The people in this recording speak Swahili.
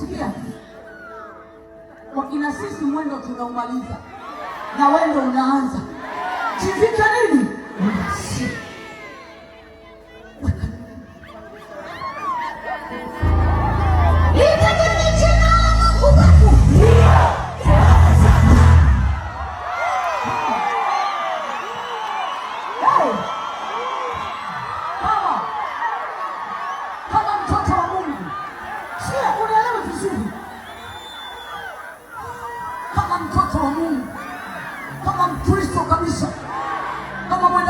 Sikia, wakina sisi mwendo tunaumaliza na wendo unaanza. Jivike nini? kama mtoto wa Mungu, kama Mkristo kabisa, kama